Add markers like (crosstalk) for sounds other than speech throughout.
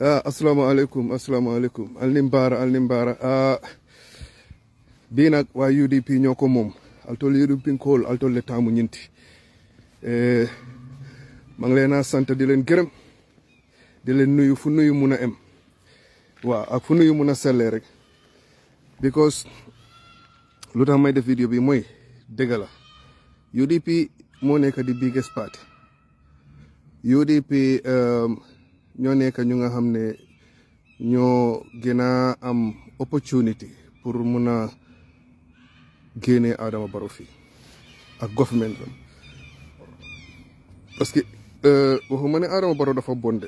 ah asalaamaaleykum asalaamaaleykum alnimbara alnimbara ah bii nag waa UDP ñoo ko moom altol UDP kool altol le taamu ñinti eh, maa ngi leen a sant di leen gërëm di leen nuyu fu nuyu mun a em waaw ak fu nuyu mun a sellee rek because lu tax may def vidéo bi mooy dëgg UDP moo nekk di biggest party UDP um, ñoo nekk ñu nga xam ne ñoo gën am opportunity pour mun a génne Adama Barrow fii ak government parce que euh, waxuma ne Adama Barrow dafa bonde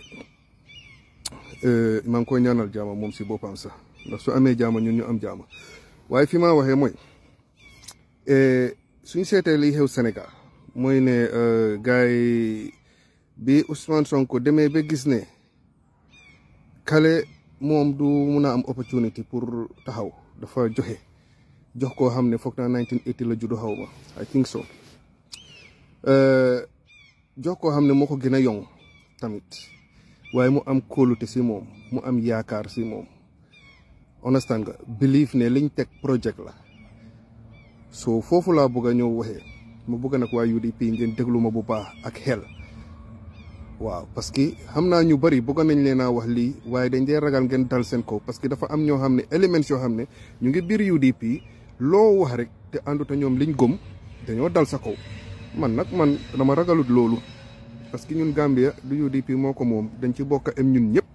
euh, maa ngi koy ñaanal jaama moom si boppam sax ndax su amee jaama ñun ñu am jaama waaye fi maa waxee mooy euh, suñ seetee liy xew Sénégal mooy ne gars yi bi Ousmane Sonko demee ba gis ne Kale moom du mun a am opportunité pour taxaw dafa joxe jox koo xam ne foog naa 1980 la juddu xaw ma I think so eh, jox koo xam ne moo ko gën a yong tamit waaye mu am kóolute si moom mu am yaakaar si moom understand nga believe ne liñ teg projet la so foofu laa bëgg a ñëw waxee ma bëgg nag waa UDP ngeen déglu ma bu baax ak xel. waaw parce que xam naa ñu bëri bëggoon nañ leen a wax lii waaye dañ dee ragal ngeen dal seen kaw parce que dafa am ñoo xam ne éléments yoo xam ne ñu ngi biir UDP loo wax rek te àndut ñoom liñ gëm dañoo dal sa kaw man nag man dama ragalut loolu parce que ñun Gambia du UDP moo ko moom dañ ci bokk em ñun ñëpp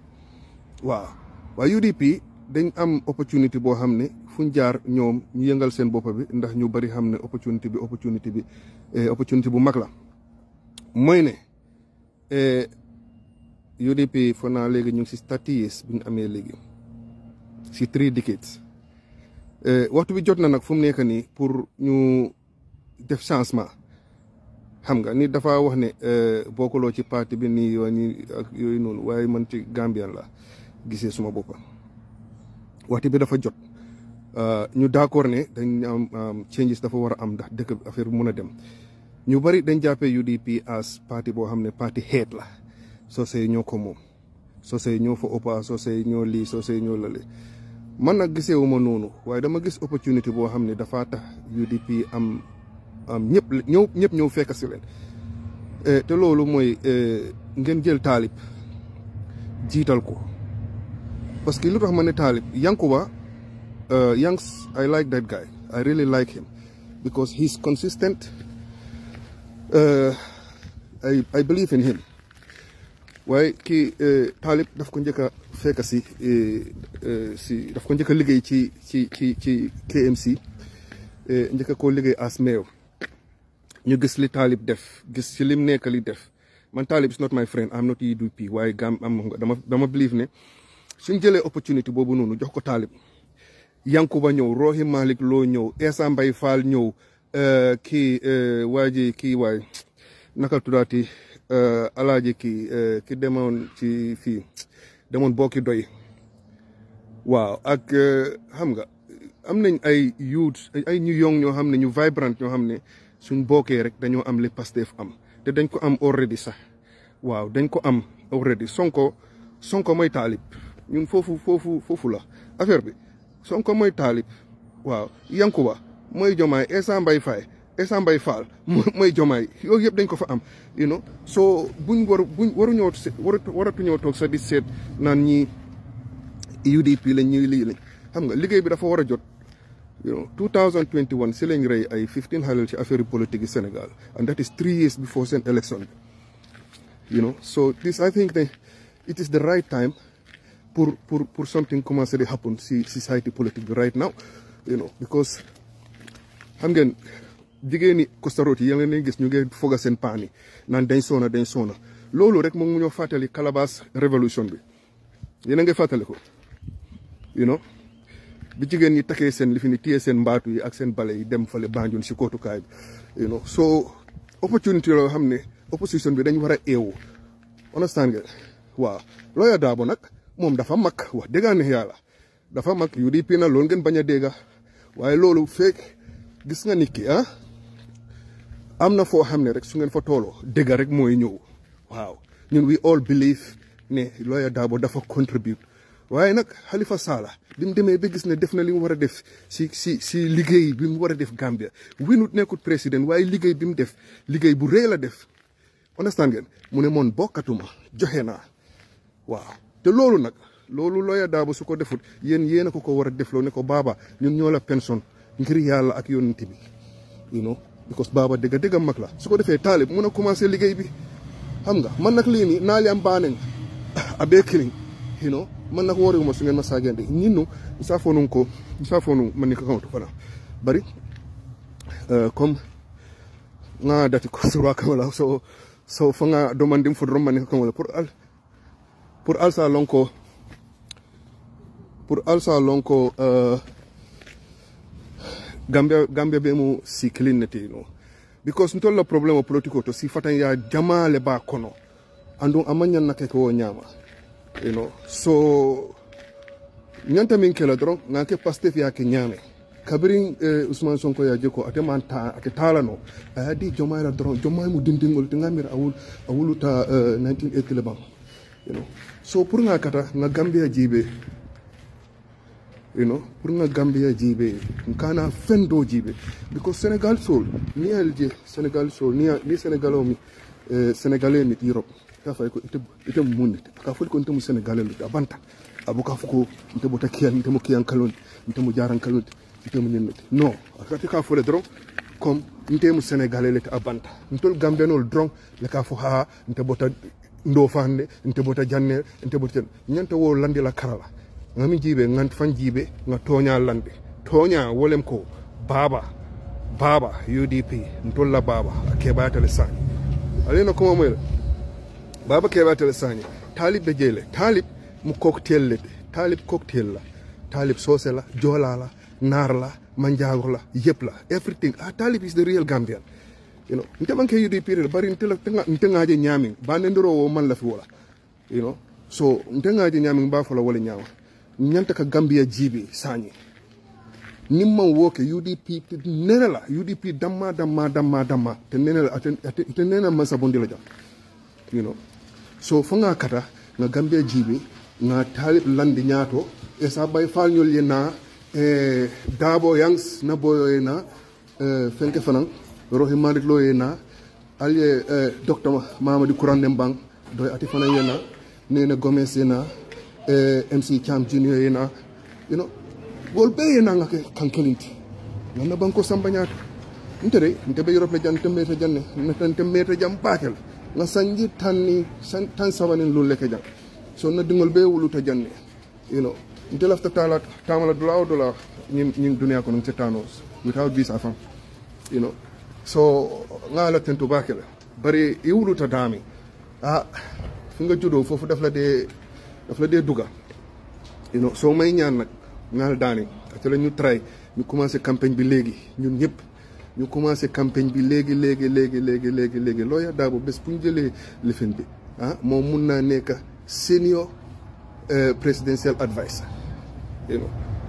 waaw waaye UDP dañ am opportunité boo xam ne fuñ jaar ñoom ñu yëngal seen bopp bi ndax ñu bëri xam ne opportunité bi opportunité bi eh, opportunité bu mag la mooy ne. et eh, UDP foog naa léegi ñu ngi si thirty years bu ñu amee léegi si three decades eh, waxtu bi jot na nag fu mu nekk nii pour ñu def changement xam nga ni dafa wax ne eh, bokkuloo ci parti bi nii ak yooyu noonu waaye man ci Gambian la gisee suma boppa waxtu bi dafa jot ñu d'accord ne dañ am changes dafa war a am ndax dëkk affaire bi mun a dem. ñu bëri dañ jàppee UDP as parti boo xam ne parti xeet la soosey ñoo ko moom soosey ñoo fa ëppa soosey ñoo lii soo soosey ñoo lale man nag gisee wu ma noonu waaye dama gis opportunité boo xam ne dafaa tax UDP am am ñëpp ñëw ñëpp ñëw fekk si leen eh, te loolu mooy eh, ngeen jël taalib jiital ko parce que lu tax ma ne taalib Yankuba eh, Yanks I like that guy I really like him because he's consistent uh, I, believe in him waaye kii uh, Taalib daf ko njëkk a fekk si uh, uh, si daf ko njëkk liggéey ci ci ci ci KMC njëkk a koo liggéey as meew ñu gis li Taalib def gis ci lim nekk li def man Taalib is not my friend am not UDP e waaye gam am dama dama believe ne suñ jëlee opportunité boobu noonu jox ko Taalib Yankuba ñëw Rohim Malick loo ñëw Essa mbay Fall ñëw Eh, kii eh, waa ji kii waay naka tuddaati eh, alaaji kii ki demoon ci fii demoon bokki doy waaw ak xam nga am nañ ay youth ay ñu yong ñoo xam ne ñu vibrant ñoo xam ne suñ bokkee rek dañoo am li Pastef am te dañ ko am already sax waaw dañ ko am already sonko sonko mooy taalib ñun foofu foofu foofu la affaire bi sonko mooy taalib waaw yankuba mooy jomaay Essa Mbaye Faye Essa Mbaye Fall mooy jomaay yooyu yëpp dañ ko fa am you soo buñ war buñ waruñoo waratuñoo toog sa di seet naan ñi UDP lañ ñuy lii lañ xam nga liggéey bi dafa war a jot you know 2021 si lañ rey ay 15 xalel ci affaire politique yi Sénégal and that is three years before seen election bi you know so this I think that it is the right time pour pour pour something commencer to happen si society politique bi right now you know because xam ngeen jigéen ñi Costaroot yi yéen a gis ñu ngi foga seen paan yi naan dañ soona dañ soona loolu rek moom mu ñoo fàttali Calabas révolution bi yéen a ngi fàttali ko you bi jigéen ñi takkee seen li fi ni seen mbaatu yi ak seen bale yi dem fale Banjul si kootukaay bi you soo opportunité loo xam ne opposition bi dañ war a eewu understand nga waaw Lawyer Darboe nag moom dafa mag wax dëgg yàlla dafa mag UDP na loolu ngeen bañ a dégg gis nga nit ki ah am na foo xam ne rek su ngeen fa tooloo dëgg rek mooy ñëw waaw ñun we all believe ne Lawyer Darboe dafa contribute waaye nag Halifa Sallah bi mu demee ba gis ne def na li mu war a def si si si liggéey bi mu war a def Gambia winut nekkut président waaye liggéey bi mu def liggéey bu rëy la def understand ngeen mu ne moon bokkatuma joxe naa waaw te loolu nag loolu Lawyer Darboe su ko defut yéen yéen a ko ko war a defloo ne ko baaba ñun ñoo la pension ngir la ak yonent bi you know because baaba dëgg dëgg mag la su ko defee taalib mun a commencé liggéey bi xam nga man nag lii nii naa li am baaneng (laughs) a bee kiliŋ you know man nag woorewuma su ma saagende ñinnu saafoonu ko saafoonu man ni ko kawtu fana bari euh, comme nga dati ko surwa (laughs) kamala so so fanga domandim fodron man ni ko kamala pour al pour al sa lonko pour Gambia, Gambia bemo si cleannete you know. Because ntolla problema politiko to si fatan ya jama le ba kono. Andun amanyan na keko nyama. You know. So nyanta min kela dron ngake pastef ya ke nyame. Kabirin eh, Usman Sonko ya jeko ate man ta ate talano. Aya di joma ya dron joma mu dindingol tingamir awul awuluta uh, eh, 1980 leban. You know. So pour nga kata na Gambia jibe you know pour gambia jibe kana fendo jibe because senegal sol ni alje senegal sol ni senegal mi eh, senegalais mit europe ta fay ko ite ite mun ka fol ko ntemu senegalais lu abanta abu ka fuko ntemu ta kiyan ntemu kiyan kalon ntemu jaran kalon ntemu nyen no akati ka fol dron comme ntemu senegalais le abanta ntol gambianol wo landila karala ngami jiiɓe ganti fan jiiɓe ga toña lanɗe toña wolem ko baba baba udp ntolla baba a keɓayatale sani alino koma moyre baba keɓayatale sani talib ɓe jeyle talib mo cocktail leɗe talib cocktail la talib sose la joola la naar la manjagor la yëpp la everything ah talib is the real gambian you know nteɓanke udp rel bari ntegaje ñamin ba nendiro wo man lafi wola you know so ntegaje ñamin mba fola wala ñawa ñantaka Gambia jibi sañi nimman woke UDP nene la UDP damma damma damma damma te nene la te nene man sabondi la jam you fo nga kata nga Gambia jibi nga talib landi ñaato e sa bay fal ñol ye na e daabo na boyo e ye na fenke fanan rohi malik ye na alye e docteur mamadou kouran dem bang doy ati fanan ye na nene gomes ye na Eh, MC Cham Junior hena you know gol be hena ngake kankelinti nana banko sambañaata ntere ntebe europe jan temmete janne natan temmete jam bakel nga sanji tanni tan sabanin lulle ke jam soo na dingol be wuluta janne you know nte lafta tala tamala dula o dula ñin ñin dunia ko nung tetanos without visa fam you know so nga la tentu bakel bari i wuluta dami ah fu nga judo fofu daf la de dafa la dee dugga non soo may ñaan nag ñaal daane te la ñu tray ñu commencé campagne bi léegi ñun ñëpp ñu commencé campagne bi léegi léegi léegi léegi léegi léegi Lawyer Darboe bés bu ñu jëlee lifin bi ah moom mun naa nekk senior euh, presidential adviser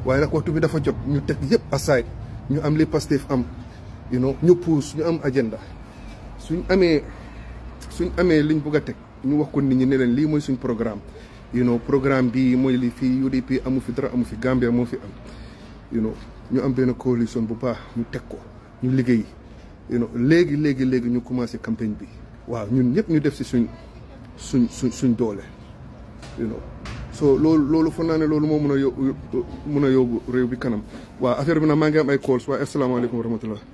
waaye nag waxtu bi dafa jot ñu teg yëpp aside ñu am li Pastef am you know ñu puus ñu am agenda suñ amee suñ amee liñ bëgg a teg ñu wax ko nit ñi ne leen lii mooy suñ programme you programme bi mooy li fii UDP amu fi dara amu fi Gambia moo fi am you ñu am benn coalition bu baax ñu teg ko ñu liggéey you know léegi léegi léegi ñu commencé campagne bi waaw ñun ñëpp ñu def si suñ suñ suñ suñ doole you so loolu loolu foog naa ne loolu moo mun a yó mun a yóbbu réew bi kanam waaw affaire bi nag maa ngi am ay calls waaye asalaamaaleykum wa rahmatullah